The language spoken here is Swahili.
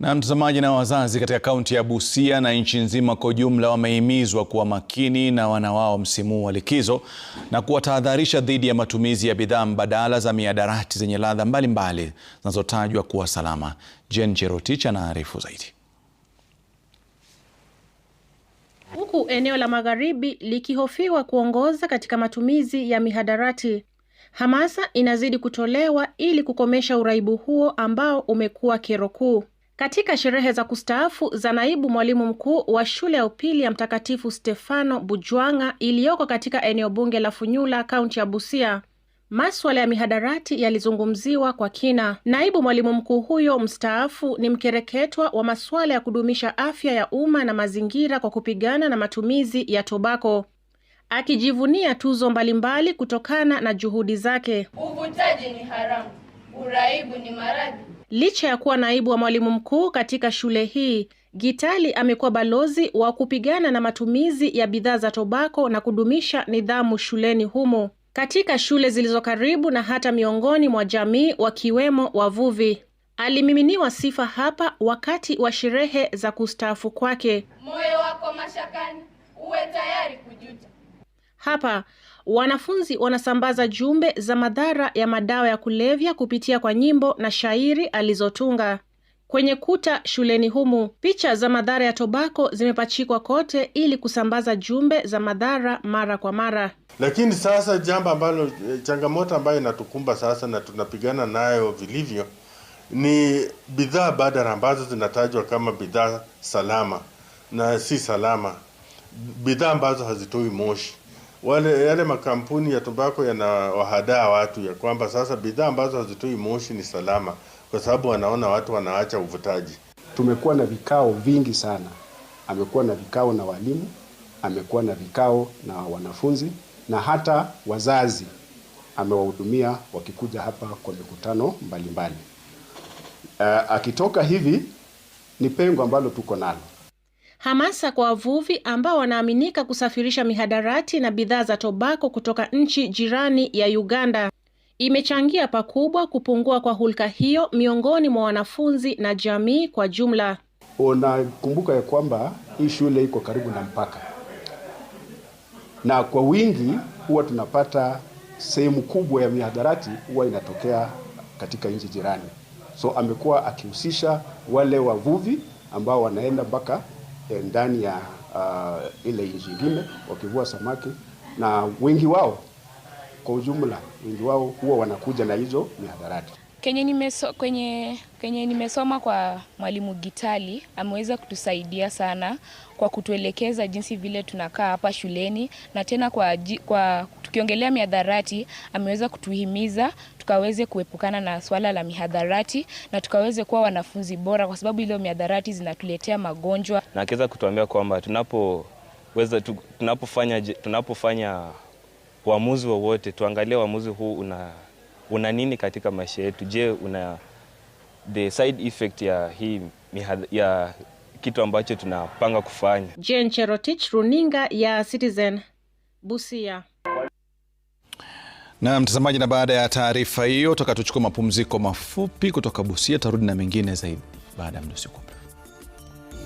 Na mtazamaji na wazazi katika kaunti ya Busia na nchi nzima kwa ujumla wamehimizwa kuwa makini na wana wao msimu wa likizo na kuwatahadharisha dhidi ya matumizi ya bidhaa mbadala za mihadarati zenye ladha mbalimbali zinazotajwa kuwa salama. jen Cherotich anaarifu zaidi. Huku eneo la magharibi likihofiwa kuongoza katika matumizi ya mihadarati, hamasa inazidi kutolewa ili kukomesha uraibu huo ambao umekuwa kero kuu. Katika sherehe za kustaafu za naibu mwalimu mkuu wa shule ya upili ya Mtakatifu Stefano Bujwanga iliyoko katika eneo bunge la Funyula, kaunti ya Busia, maswala ya mihadarati yalizungumziwa kwa kina. Naibu mwalimu mkuu huyo mstaafu ni mkereketwa wa masuala ya kudumisha afya ya umma na mazingira kwa kupigana na matumizi ya tobako, akijivunia tuzo mbalimbali kutokana na juhudi zake. Uvutaji ni haramu, uraibu ni maradhi Licha ya kuwa naibu wa mwalimu mkuu katika shule hii, Gitali amekuwa balozi wa kupigana na matumizi ya bidhaa za tobako na kudumisha nidhamu shuleni humo, katika shule zilizo karibu na hata miongoni mwa jamii wakiwemo wavuvi. Alimiminiwa sifa hapa wakati wa sherehe za kustaafu kwake. Moyo wako mashakani, uwe tayari kujuta hapa. Wanafunzi wanasambaza jumbe za madhara ya madawa ya kulevya kupitia kwa nyimbo na shairi alizotunga. Kwenye kuta shuleni humu, picha za madhara ya tobako zimepachikwa kote ili kusambaza jumbe za madhara mara kwa mara. Lakini sasa jambo ambalo, eh, changamoto ambayo inatukumba sasa na tunapigana nayo vilivyo ni bidhaa badala ambazo zinatajwa kama bidhaa salama na si salama, bidhaa ambazo hazitoi moshi wale yale makampuni ya tumbako yanawahadaa watu ya kwamba sasa bidhaa ambazo hazitoi moshi ni salama, kwa sababu wanaona watu wanaacha uvutaji. Tumekuwa na vikao vingi sana, amekuwa na vikao na walimu, amekuwa na vikao na wanafunzi na hata wazazi amewahudumia wakikuja hapa kwa mikutano mbalimbali. Uh, akitoka hivi ni pengo ambalo tuko nalo hamasa kwa wavuvi ambao wanaaminika kusafirisha mihadarati na bidhaa za tobako kutoka nchi jirani ya Uganda imechangia pakubwa kupungua kwa hulka hiyo miongoni mwa wanafunzi na jamii kwa jumla. Unakumbuka ya kwamba hii shule iko karibu na mpaka, na kwa wingi huwa tunapata sehemu kubwa ya mihadarati huwa inatokea katika nchi jirani, so amekuwa akihusisha wale wavuvi ambao wanaenda mpaka Eh, ndani ya uh, ile nchi ingine wakivua samaki, na wengi wao kwa ujumla, wengi wao huwa wanakuja na hizo mihadarati. Kenye nimesoma kwenye, kwenye nimesoma kwa Mwalimu Gitali ameweza kutusaidia sana kwa kutuelekeza jinsi vile tunakaa hapa shuleni na tena kwa, kwa tukiongelea mihadharati ameweza kutuhimiza tukaweze kuepukana na swala la mihadharati na tukaweze kuwa wanafunzi bora kwa sababu ile mihadharati zinatuletea magonjwa. Na akiweza kutuambia kwamba tunapoweza tunapofanya tunapofanya uamuzi wowote tuangalie uamuzi huu una una nini katika maisha yetu? Je, una the side effect ya hii ya kitu ambacho tunapanga kufanya. Jane Cherotich, runinga ya Citizen, Busia. Na mtazamaji, na baada ya taarifa hiyo, toka tuchukua mapumziko mafupi kutoka Busia, tarudi na mengine zaidi baada ya muda